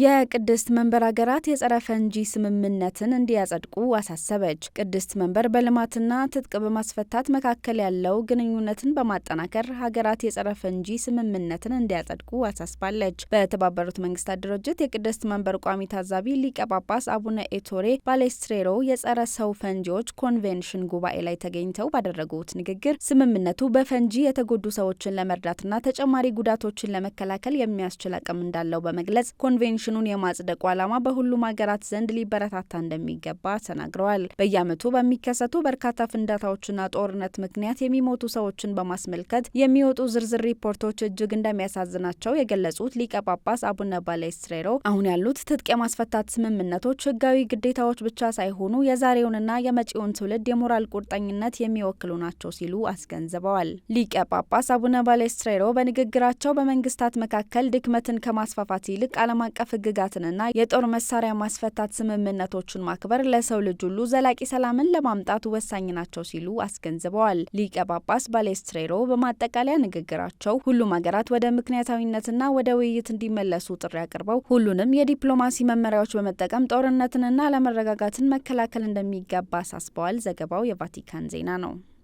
የቅድስት መንበር ሀገራት የጸረ ፈንጂ ስምምነትን እንዲያጸድቁ አሳሰበች። ቅድስት መንበር በልማትና ትጥቅ በማስፈታት መካከል ያለው ግንኙነትን በማጠናከር ሀገራት የጸረ ፈንጂ ስምምነትን እንዲያጸድቁ አሳስባለች። በተባበሩት መንግስታት ድርጅት የቅድስት መንበር ቋሚ ታዛቢ ሊቀ ጳጳስ አቡነ ኤቶሬ ባሌስትሬሮ የጸረ ሰው ፈንጂዎች ኮንቬንሽን ጉባኤ ላይ ተገኝተው ባደረጉት ንግግር ስምምነቱ በፈንጂ የተጎዱ ሰዎችን ለመርዳትና ተጨማሪ ጉዳቶችን ለመከላከል የሚያስችል አቅም እንዳለው በመግለጽ ኮንቬንሽን ኮንቬንሽኑን የማጽደቁ ዓላማ በሁሉም ሀገራት ዘንድ ሊበረታታ እንደሚገባ ተናግረዋል። በየዓመቱ በሚከሰቱ በርካታ ፍንዳታዎችና ጦርነት ምክንያት የሚሞቱ ሰዎችን በማስመልከት የሚወጡ ዝርዝር ሪፖርቶች እጅግ እንደሚያሳዝናቸው የገለጹት ሊቀ ጳጳስ አቡነ ባሌስትሬሮ አሁን ያሉት ትጥቅ የማስፈታት ስምምነቶች ሕጋዊ ግዴታዎች ብቻ ሳይሆኑ የዛሬውንና የመጪውን ትውልድ የሞራል ቁርጠኝነት የሚወክሉ ናቸው ሲሉ አስገንዝበዋል። ሊቀ ጳጳስ አቡነ ባሌስትሬሮ በንግግራቸው በመንግስታት መካከል ድክመትን ከማስፋፋት ይልቅ ዓለም አቀፍ አቀፍ ሕግጋትንና የጦር መሳሪያ ማስፈታት ስምምነቶችን ማክበር ለሰው ልጅ ሁሉ ዘላቂ ሰላምን ለማምጣት ወሳኝ ናቸው ሲሉ አስገንዝበዋል። ሊቀ ጳጳስ ባሌስትሬሮ በማጠቃለያ ንግግራቸው ሁሉም ሀገራት ወደ ምክንያታዊነትና ወደ ውይይት እንዲመለሱ ጥሪ አቅርበው ሁሉንም የዲፕሎማሲ መመሪያዎች በመጠቀም ጦርነትንና አለመረጋጋትን መከላከል እንደሚገባ አሳስበዋል። ዘገባው የቫቲካን ዜና ነው።